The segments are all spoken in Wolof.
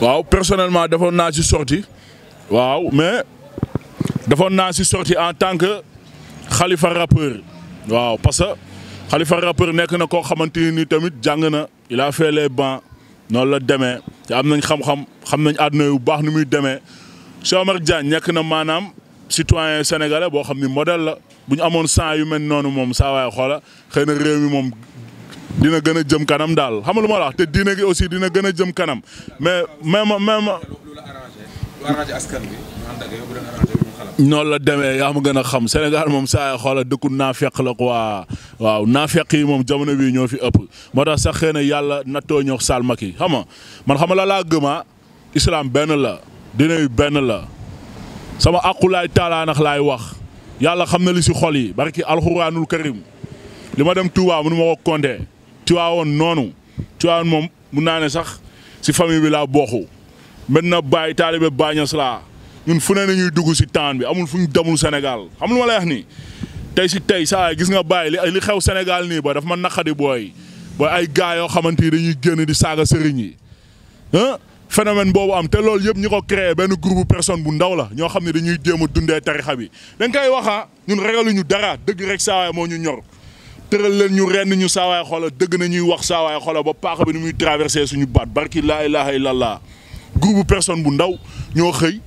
waaw personnellement defoon naa si sorti waaw mais defoon naa si sorti en tant que xalifa rappeur waaw parce que xalifa rappeur nekk na koo xamante ni tamit jàng na il a fait les bancs noonu la demee te am nañ xam-xam xam nañ àdduna yu baax ni muy demee soo Omar Diagne nekk na maanaam citoyen sénégalais boo xam ni modèle la bu ñu amoon sang yu mel noonu moom saawaay xoola xëy na réew mi moom dina gën a jëm kanam daal xam nga lu ma la te gi aussi dina gën a jëm kanam mais même même. noonu la demee yaa ma gën a xam Sénégal moom saa xoola dëkku naafeq la waa waaw naafeq yi moom jamono bii ñoo fi ëpp moo tax sax xëy na yàlla nattoo ñoo salmak yi xam nga man xam la gëma ah, islam benn la dina yu benn la sama àqu laay taalaanax laay wax yàlla xam na li si xol yi barki alxuraanul karim li ma dem Touba mënu ma ko Tiwaawoon noonu Tiwaawoon moom mun naa ne sax si famille bi laa bokku maintenant Baye taalibe Baye Ñas laa ñun fu ne ñuy dugg si taan bi amul fu ñu damul Sénégal xam ma lay wax nii tey si tey saa gis nga Baye li xew Sénégal nii ba dafa ma naqadi booy booy ay gars yoo xamante ni dañuy génn di saaga sëriñ yi ah phénomène boobu am te loolu yëpp ñu ko créé benn groupe personne bu ndaw la ñoo xam ne dañuy jéem a dundee tarixa bi dañ koy waxa ah, ñun ragaluñu dara dëgg rek saa waay moo ñu ñor. tëral leen ñu renn ñu saawaay xoola dëgg na ñuy wax saawaay xoola ba paax bi ni muy traversé suñu baat barki laa ilaha illallah groupe personne bu ndaw ñoo xëy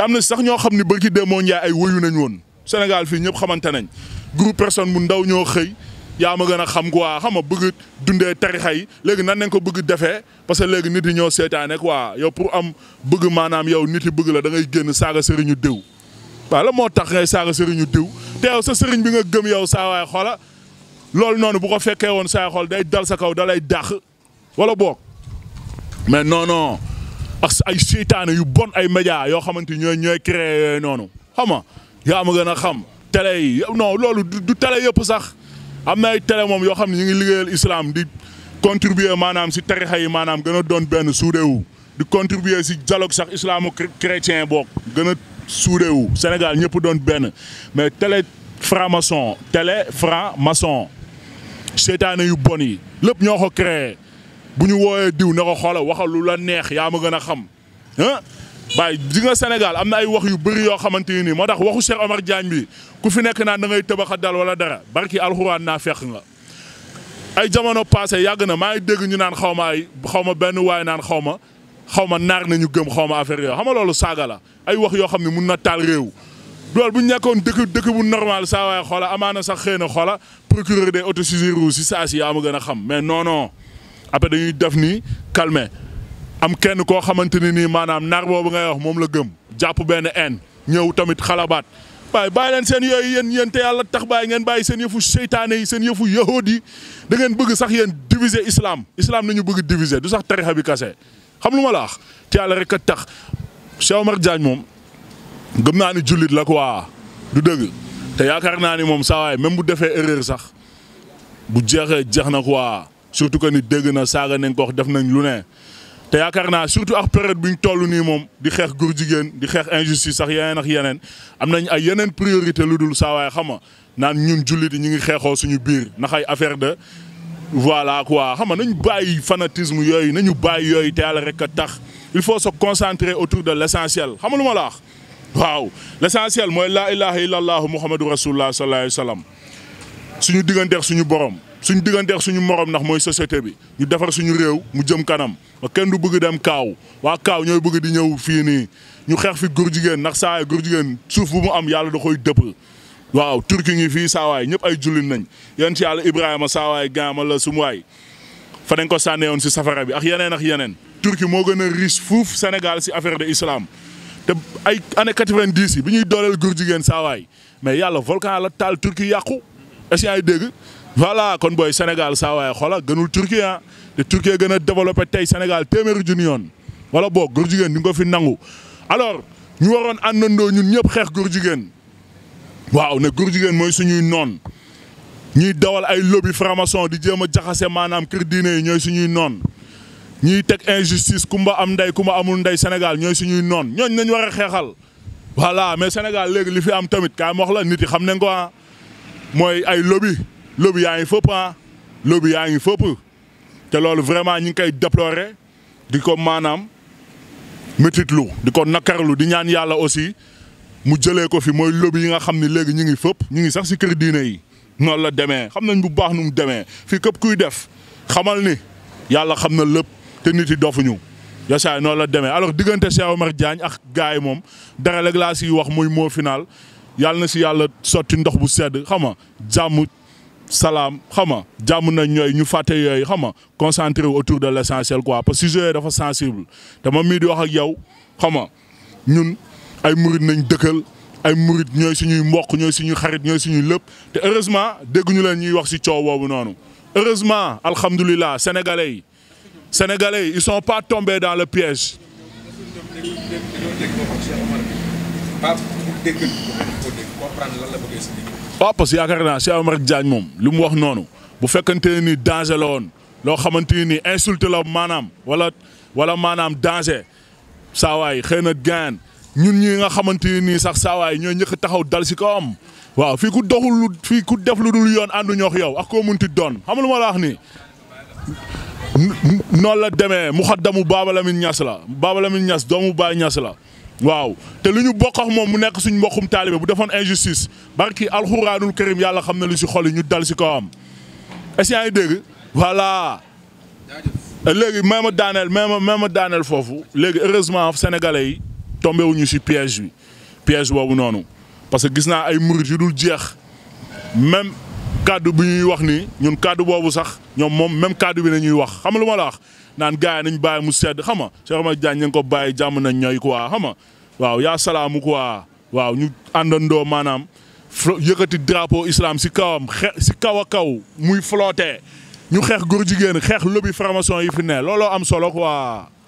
am na sax ñoo xam ne barki demoo Ndiaye ay woyu nañ woon Sénégal fii ñëpp xamante nañ groupe personne bu ndaw ñoo xëy yaa ma gën a xam quoi xam nga bëgg dundee tarixa yi léegi nan nañ ko bëgg defee parce que léegi nit yi ñoo seetaane waa yow pour am bëgg maanaam yow nit yi bëgg la da ngay génn saaga sëriñu diw waaw la moo tax ngay saaga sëriñu diw te yow sa sëriñ bi nga gëm yow saa waay loolu noonu bu ko fekkee woon say day dal sa kaw da lay dàq wala boog mais non non ak ay seytaane yu bon ay média yoo xamante ñooy ñooy créé yooyu noonu xam nga yaa ma gën a xam télé yi non loolu du télé yëpp sax am na ay moom yoo xam ne ñu ngi liggéeyal islam di contribuer maanaam si tarixa yi maanaam gën a doon benn suudewu di contribuer si dialogue sax islamo chrétien boog gën a wu Sénégal ñëpp doon benn mais tele franc-maçon télé franc-maçon seytaane yu bon yi lépp ñoo ko créé bu ñu wooyee diw na ko xoola waxalu la neex yaa ma gën a xam ah. waaye di nga am na ay wax yu bëri yoo xamante ne nii moo tax waxu Cheikh Omar Diagne bi ku fi nekk naan da ngay tëbax a dal wala dara barki alxuraan naa fekk nga. ay jamono passé yàgg na maa ngi dégg ñu naan xaw ma ay xaw ma benn waaye naan xaw ma xaw ma naar nañu gëm xaw ma affaire yoo xam nga loolu saaga la ay wax yoo xam ni mun na taal réew. loolu bu ñekkoon nekkoon dëkk dëkk bu normal saa waay xoola amaana sax xëy na xoola procureur des autosaisir si saa si yaa ma gën a xam mais non non après dañuy def nii calmer am kenn koo xamante ne nii maanaam nar boobu ngay wax moom la gëm jàpp benn en ñëw tamit xalabaat waaye bàyyi leen seen yooyu yéen yéen te yàlla tax bàyyi ngeen bàyyi seen yëfu seytaane yi seen yëfu yahood yi da ngeen bëgg sax yéen diviser islam islam nañu bëgg diviser du sax tarixa bi kase xam lu ma la wax ci yàlla rek a tax Cheikh Omar Diagne moom. gëm naa ni jullit la quoi du dëgg te yaakaar naa ni moom saa waay même bu defee erreur sax bu jeexe jeex na quoi surtout que ni dégg na saaga nañ ko def nañ lu ne. te yaakaar naa surtout ak période bi ñu toll nii moom di xeex góor jigéen di xeex injustice sax yeneen ak yeneen am nañ ay yeneen priorité lu dul saa waay xam nga naan ñun julit yi ñu ngi xeexoo suñu biir ndax ay affaire de. voilà quoi xam nga nañu bàyyi fanatisme yooyu nañu bàyyi yooyu te yàlla rek a tax il faut se concentrer autour de l' essentiel xam nga lu ma la wax waaw l'essentiel mooy la ilaha illallah muhammadu rasulullah sallallahu alayhi wa sallam suñu digganteex suñu borom suñu digganteex suñu morom ndax mooy société bi ñu defar suñu réew mu jëm kanam kenn du bëgg dem kaaw waa kaaw ñooy bugg di ñëw fii nii ñu xeex fi góor jigéen ndax saa góor jigéen suuf bu mu am yàlla du koy dëpp waaw turki ngi fii saawaay ñëpp ay jullit nañ yéen ci yàlla ibrahima saawaay gaama la fa nañ ko sànneewoon si safara bi ak yeneen ak yeneen turki moo gën a riche fuuf sénégal si affaire de islam ay année quatre-vingt-dix yi ñuy dooleel góor jigéen saawaay mais yàlla volcan la taal turki yàqu est ay dégg voilà kon booy Sénégal saawaay xoola gënul turki ah te turki gën a développé tey Sénégal téeméeri junni yoon wala boog góor jigéen ñu ngi ko fi nangu alors ñu waroon àndandoo ñun ñëpp xeex góor jigéen waaw ne góor jigéen mooy suñuy noon ñuy dowal ay lobby franc-maçon di jéem a jaxase maanaam kër diine yi ñooy suñuy noon ñiy teg injustice kumba am ndey kumba amul nday Sénégal ñooy suñuy noon ñooñ nañ war a xeexal voilà mais Sénégal léegi li fi am tamit kaay ma wax la nit yi xam nañ ko ah mooy ay lobby lobby yaa ngi fëpp ah lobby yaa ngi fëpp te loolu vraiment ñu ngi koy déplorer di ko maanaam métitlu di ko nakarlu di ñaan yàlla aussi mu jëlee ko fi mooy lobby yi nga xam ni léegi ñu ngi fëpp ñu ngi sax si kër diine yi noonu la demee xam nañ bu baax nu demee fii képp kuy def xamal ni yàlla xam na lépp. te nit yi dofuñu yasaay noonu la demee alors diggante Cheikh a Diagne ak gars yi moom dara rek laa siy wax muy moo finaal yàlla na si yàlla sotti ndox bu sedd xam nga jàmm salaam xam nga jàmm nañ ñooy ñu fàtte yooyu xam nga concentré autour de l' essentiel quoi parce que dafa sensible te man mii di wax ak yow xam nga ñun ay murit nañ dëkkal ay murit ñooy suñuy mbokk ñooy suñuy xarit ñooy suñuy lépp te heureusement dégguñu leen ñuy wax si coow boobu noonu heureusement alhamdulilah sénégalais yi. sénégalais yi son pas tombe dans le piège. waaw parce que yaakaar naa Cheikh Omar Diagne moom li mu wax noonu bu fekkante ni danger la woon loo xamante ni insulte la maanaam wala wala maanaam danger saawaay xëy na gaan ñun ñi nga xamante nii sax saawaay ñoo ñëkk taxaw dal si kawam waaw fii ku doxul fii ku def lu dul yoon ànduñoo ak yow ak ko munti doon xam nga lu ma la wax nii. noonu la demee mu xaddamu Baaba Lamine Niass la Baaba Lamine Niass doomu Baay Niass la waaw te lu ñu bokk ak moom mu nekk suñ mbokkum taalibe bu defoon injustice barki alxuraanul karim yàlla xam na lu si xol ñu dal si kawam est-ce yaa ngi dégg voilà léegi may ma daaneel may ma may ma daaneel foofu léegi heureusement sénégalais yi tombé wuñu si piège bi piège boobu noonu parce que gis naa ay murit yu dul jeex même kaddu bi ñuy wax ni ñun kaddu boobu sax ñoom moom même kaddu bi la ñuy wax xam lu ma la wax naan gars nañ bàyyi mu sedd xam nga Cheikh Omar Diagne ñu ngi ko bàyyi jàmm na ñooy quoi xam nga waaw yaa salaamu quoi waaw ñu àndandoo maanaam yëkkati drapeau islam si kawam si kaw a kaw muy flotte ñu xeex góor jigéen xeex lobby formation yi fi ne looloo am solo quoi.